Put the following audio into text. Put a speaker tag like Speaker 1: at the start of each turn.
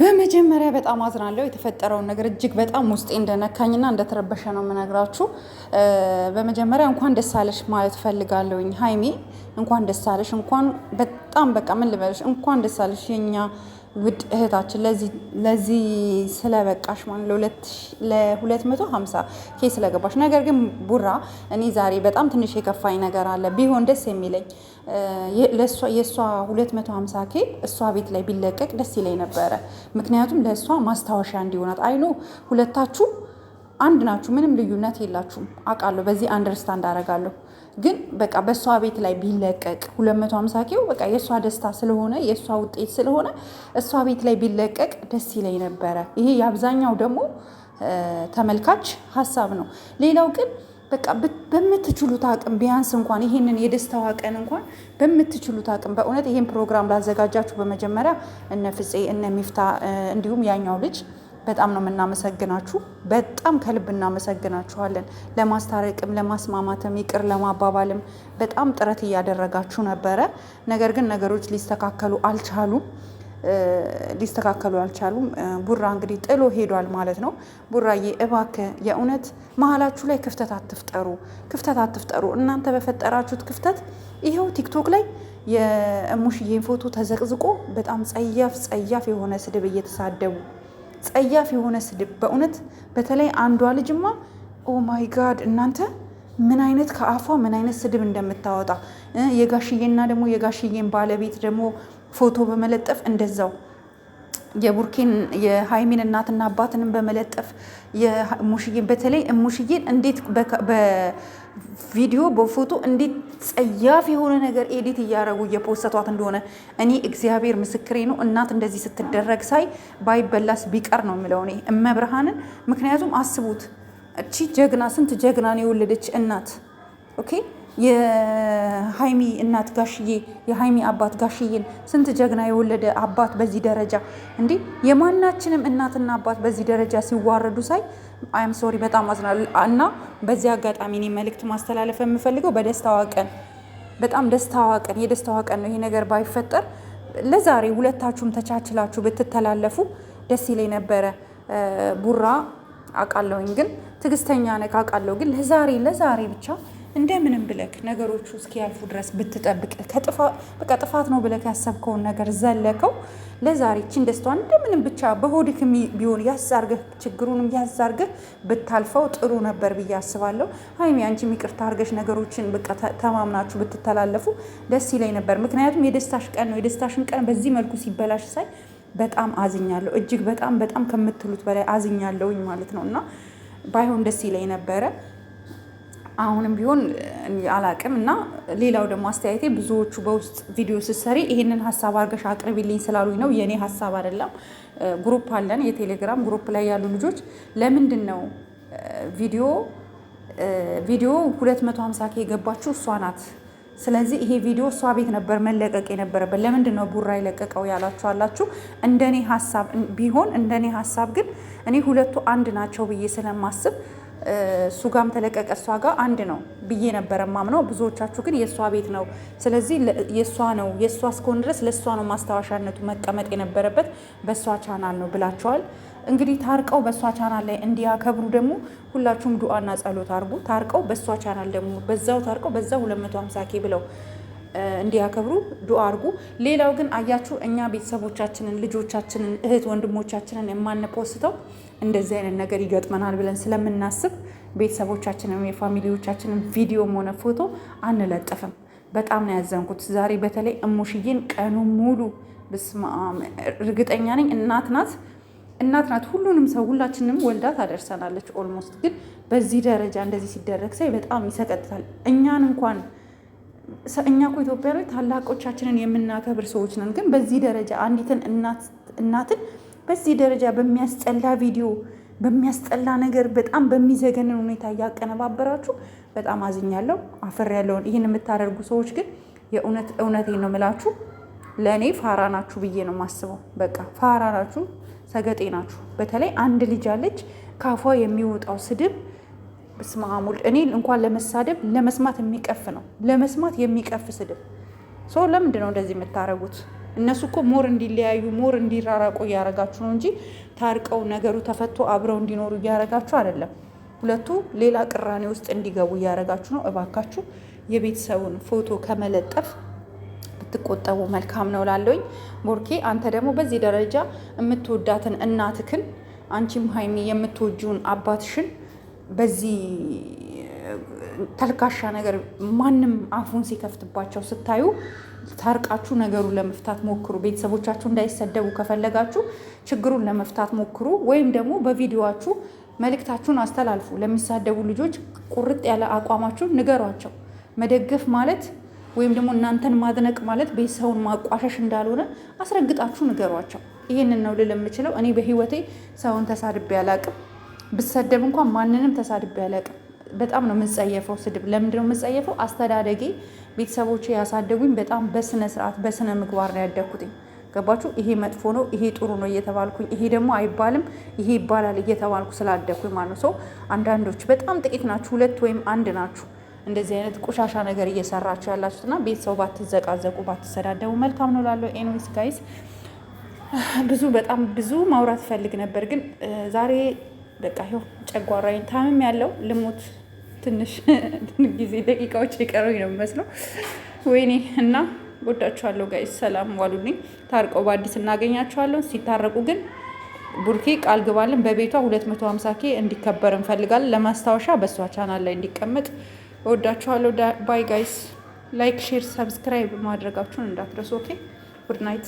Speaker 1: በመጀመሪያ በጣም አዝናለሁ። የተፈጠረውን ነገር እጅግ በጣም ውስጤ እንደነካኝና እንደተረበሸ ነው የምነግራችሁ። በመጀመሪያ እንኳን ደስ አለሽ ማለት ፈልጋለሁኝ ሀይሚ፣ እንኳን ደስ አለሽ እንኳን በጣም በቃ ምን ልበልሽ እንኳን ደስ አለሽ የኛ ውድ እህታችን ለዚህ ስለበቃሽ ማለት ለ250 ኬ ስለገባሽ። ነገር ግን ቡራ እኔ ዛሬ በጣም ትንሽ የከፋኝ ነገር አለ። ቢሆን ደስ የሚለኝ የእሷ 250 ኬ እሷ ቤት ላይ ቢለቀቅ ደስ ይለኝ ነበረ። ምክንያቱም ለእሷ ማስታወሻ እንዲሆናት አይኖ ሁለታችሁ አንድ ናችሁ፣ ምንም ልዩነት የላችሁም። አውቃለሁ፣ በዚህ አንደርስታንድ አደርጋለሁ። ግን በቃ በእሷ ቤት ላይ ቢለቀቅ 250 ኬው በቃ የእሷ ደስታ ስለሆነ የእሷ ውጤት ስለሆነ እሷ ቤት ላይ ቢለቀቅ ደስ ይለኝ ነበረ። ይሄ የአብዛኛው ደግሞ ተመልካች ሀሳብ ነው። ሌላው ግን በቃ በምትችሉት አቅም ቢያንስ እንኳን ይሄንን የደስታዋ ቀን እንኳን በምትችሉት አቅም በእውነት ይሄን ፕሮግራም ላዘጋጃችሁ በመጀመሪያ እነ ፍፄ እነ ሚፍታ እንዲሁም ያኛው ልጅ በጣም ነው የምናመሰግናችሁ። በጣም ከልብ እናመሰግናችኋለን። ለማስታረቅም ለማስማማትም ይቅር ለማባባልም በጣም ጥረት እያደረጋችሁ ነበረ። ነገር ግን ነገሮች ሊስተካከሉ አልቻሉም ሊስተካከሉ አልቻሉም። ቡራ እንግዲህ ጥሎ ሄዷል ማለት ነው። ቡራዬ እባክህ የእውነት መሀላችሁ ላይ ክፍተት አትፍጠሩ፣ ክፍተት አትፍጠሩ። እናንተ በፈጠራችሁት ክፍተት ይኸው ቲክቶክ ላይ የእሙሽዬን ፎቶ ተዘቅዝቆ በጣም ጸያፍ ጸያፍ የሆነ ስድብ እየተሳደቡ ጸያፍ የሆነ ስድብ በእውነት በተለይ አንዷ ልጅማ ኦ ማይ ጋድ እናንተ ምን አይነት ከአፏ ምን አይነት ስድብ እንደምታወጣ የጋሽዬና ደግሞ የጋሽዬን ባለቤት ደግሞ ፎቶ በመለጠፍ እንደዛው የቡርኬን የሃይሚን እናትና አባትንም በመለጠፍ ሙሽዬን በተለይ ሙሽዬን እንዴት ቪዲዮ በፎቶ እንዴት ጸያፍ የሆነ ነገር ኤዲት እያደረጉ እየፖሰቷት እንደሆነ እኔ እግዚአብሔር ምስክሬ ነው። እናት እንደዚህ ስትደረግ ሳይ ባይበላስ ቢቀር ነው የምለው እኔ እመብርሃንን። ምክንያቱም አስቡት እቺ ጀግና ስንት ጀግና ነው የወለደች እናት። ኦኬ የሀይሚ እናት ጋሽዬ፣ የሀይሚ አባት ጋሽዬን ስንት ጀግና የወለደ አባት በዚህ ደረጃ እንዴ! የማናችንም እናትና አባት በዚህ ደረጃ ሲዋረዱ ሳይ አይም ሶሪ በጣም አዝናል እና በዚህ አጋጣሚ እኔ መልእክት ማስተላለፍ የምፈልገው በደስታዋ ቀን በጣም ደስታዋ ቀን የደስታዋ ቀን ነው ይሄ ነገር ባይፈጠር ለዛሬ ሁለታችሁም ተቻችላችሁ ብትተላለፉ ደስ ይለኝ ነበረ። ቡራ አውቃለሁኝ ግን ትዕግስተኛ ነህ አውቃለሁ ግን ለዛሬ ለዛሬ ብቻ እንደምንም ብለክ ነገሮቹ እስኪያልፉ ድረስ ብትጠብቅ በቃ ጥፋት ነው ብለክ ያሰብከውን ነገር ዘለከው። ለዛሬ ቺን እንደምንም ብቻ በሆድክ ቢሆን ያዛርግህ፣ ችግሩንም ያዛርግህ ብታልፈው ጥሩ ነበር ብዬ አስባለሁ። ሀይሚ አንቺ ይቅርታ አድርገሽ ነገሮችን በቃ ተማምናችሁ ብትተላለፉ ደስ ይለኝ ነበር። ምክንያቱም የደስታሽ ቀን ነው። የደስታሽን ቀን በዚህ መልኩ ሲበላሽ ሳይ በጣም አዝኛለሁ። እጅግ በጣም በጣም ከምትሉት በላይ አዝኛለሁኝ ማለት ነው እና ባይሆን ደስ ይለኝ ነበረ። አሁንም ቢሆን አላቅም እና ሌላው ደግሞ አስተያየቴ ብዙዎቹ በውስጥ ቪዲዮ ስትሰሪ ይህንን ሀሳብ አድርገሽ አቅርቢልኝ ስላሉኝ ነው። የእኔ ሀሳብ አይደለም። ግሩፕ አለን፣ የቴሌግራም ግሩፕ ላይ ያሉ ልጆች ለምንድን ነው ቪዲዮ ቪዲዮ 250 ኬ የገባችሁ እሷ ናት ስለዚህ ይሄ ቪዲዮ እሷ ቤት ነበር መለቀቅ የነበረበት። ለምንድን ነው ቡራ የለቀቀው ያላችሁ አላችሁ። እንደኔ ሀሳብ ቢሆን እንደኔ ሀሳብ ግን እኔ ሁለቱ አንድ ናቸው ብዬ ስለማስብ እሱ ጋም ተለቀቀ እሷ ጋር አንድ ነው ብዬ ነበረ ማምነው። ብዙዎቻችሁ ግን የእሷ ቤት ነው፣ ስለዚህ የእሷ ነው የእሷ እስከሆን ድረስ ለእሷ ነው ማስታወሻነቱ መቀመጥ የነበረበት በእሷ ቻናል ነው ብላቸዋል። እንግዲህ ታርቀው በእሷ ቻናል ላይ እንዲያከብሩ ደግሞ ሁላችሁም ዱአና ጸሎት አርጉ ታርቀው በእሷ ቻናል ደግሞ በዛው ታርቀው በዛው 250 ኬ ብለው እንዲያከብሩ ዱአ አድርጉ። ሌላው ግን አያችሁ እኛ ቤተሰቦቻችንን፣ ልጆቻችንን፣ እህት ወንድሞቻችንን የማንፖስተው እንደዚህ አይነት ነገር ይገጥመናል ብለን ስለምናስብ ቤተሰቦቻችንን፣ የፋሚሊዎቻችንን ቪዲዮም ሆነ ፎቶ አንለጥፍም። በጣም ነው ያዘንኩት ዛሬ በተለይ እሙሽዬን ቀኑ ሙሉ ብስማ እርግጠኛ ነኝ እናት ናት እናት ናት። ሁሉንም ሰው ሁላችንም ወልዳ ታደርሰናለች። ኦልሞስት ግን በዚህ ደረጃ እንደዚህ ሲደረግ ሳይ በጣም ይሰቀጥታል። እኛን እንኳን እኛ እኮ ላይ ታላቆቻችንን የምናከብር ሰዎች ነን። ግን በዚህ ደረጃ አንዲትን እናትን በዚህ ደረጃ በሚያስጠላ ቪዲዮ፣ በሚያስጠላ ነገር፣ በጣም በሚዘገንን ሁኔታ እያቀነባበራችሁ በጣም አዝኛለሁ፣ አፍሬያለሁ። ይህን የምታደርጉ ሰዎች ግን የእውነት እውነቴን ነው የምላችሁ ለእኔ ፋራ ናችሁ ብዬ ነው የማስበው። በቃ ፋራ ናችሁ። ሰገጤ ናችሁ። በተለይ አንድ ልጅ አለች ካፏ የሚወጣው ስድብ ስማሙል እኔ እንኳን ለመሳደብ ለመስማት የሚቀፍ ነው፣ ለመስማት የሚቀፍ ስድብ። ሰው ለምንድን ነው እንደዚህ የምታደርጉት? እነሱ እኮ ሞር እንዲለያዩ ሞር እንዲራራቁ እያደረጋችሁ ነው እንጂ ታርቀው ነገሩ ተፈቶ አብረው እንዲኖሩ እያረጋችሁ አይደለም። ሁለቱ ሌላ ቅራኔ ውስጥ እንዲገቡ እያረጋችሁ ነው። እባካችሁ የቤተሰቡን ፎቶ ከመለጠፍ ብትቆጠቡ መልካም ነው ላለኝ ቦርኬ፣ አንተ ደግሞ በዚህ ደረጃ የምትወዳትን እናትክን አንቺም ሀይሚ የምትወጂውን አባትሽን በዚህ ተልካሻ ነገር ማንም አፉን ሲከፍትባቸው ስታዩ ታርቃችሁ ነገሩ ለመፍታት ሞክሩ። ቤተሰቦቻችሁ እንዳይሰደቡ ከፈለጋችሁ ችግሩን ለመፍታት ሞክሩ። ወይም ደግሞ በቪዲዮችሁ መልእክታችሁን አስተላልፉ። ለሚሳደቡ ልጆች ቁርጥ ያለ አቋማችሁን ንገሯቸው። መደገፍ ማለት ወይም ደግሞ እናንተን ማድነቅ ማለት ቤተሰቡን ማቋሸሽ እንዳልሆነ አስረግጣችሁ ንገሯቸው። ይህንን ነው ልል የምችለው። እኔ በህይወቴ ሰውን ተሳድቤ አላቅም። ብሰደብ እንኳን ማንንም ተሳድቤ አላቅም። በጣም ነው የምጸየፈው ስድብ። ነው የምጸየፈው? አስተዳደጌ ቤተሰቦቼ ያሳደጉኝ በጣም በስነ ስርዓት በስነ ምግባር ነው ያደግኩትኝ። ገባችሁ? ይሄ መጥፎ ነው፣ ይሄ ጥሩ ነው እየተባልኩኝ፣ ይሄ ደግሞ አይባልም፣ ይሄ ይባላል እየተባልኩ ስላደግኩኝ ማለት ነው። ሰው አንዳንዶች በጣም ጥቂት ናችሁ፣ ሁለት ወይም አንድ ናችሁ እንደዚህ አይነት ቆሻሻ ነገር እየሰራችሁ ያላችሁትና ቤተሰቡ ባትዘቃዘቁ ባትሰዳደቡ መልካም ነው ላለው ኤንዊስ ጋይስ ብዙ በጣም ብዙ ማውራት ፈልግ ነበር፣ ግን ዛሬ በቃ ይኸው ጨጓራዬን ታምም ያለው ልሞት ትንሽ ጊዜ ደቂቃዎች የቀረኝ ነው የሚመስለው። ወይኔ እና ወዳችኋለሁ ጋይስ፣ ሰላም ዋሉልኝ። ታርቀው በአዲስ እናገኛችኋለን። ሲታረቁ ግን ቡርኬ ቃል ግባልን በቤቷ 250 ኬ እንዲከበር እንፈልጋለን። ለማስታወሻ በእሷ ቻናል ላይ እንዲቀመጥ እወዳችኋለሁ። ባይ ጋይስ። ላይክ፣ ሼር፣ ሰብስክራይብ ማድረጋችሁን እንዳትረሱ። ኦኬ ጉድ ናይት።